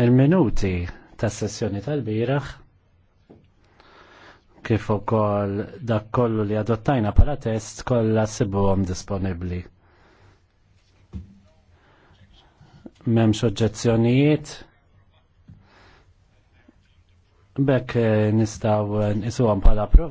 Il-minuti tas sessjoni tal-biraħ kif ukoll dak kollu li adottajna bħala test kollha sibuhom disponibbli. M'hemmx oġġezzjonijiet. Bekk eh, nistgħu nqisuhom bħala prova.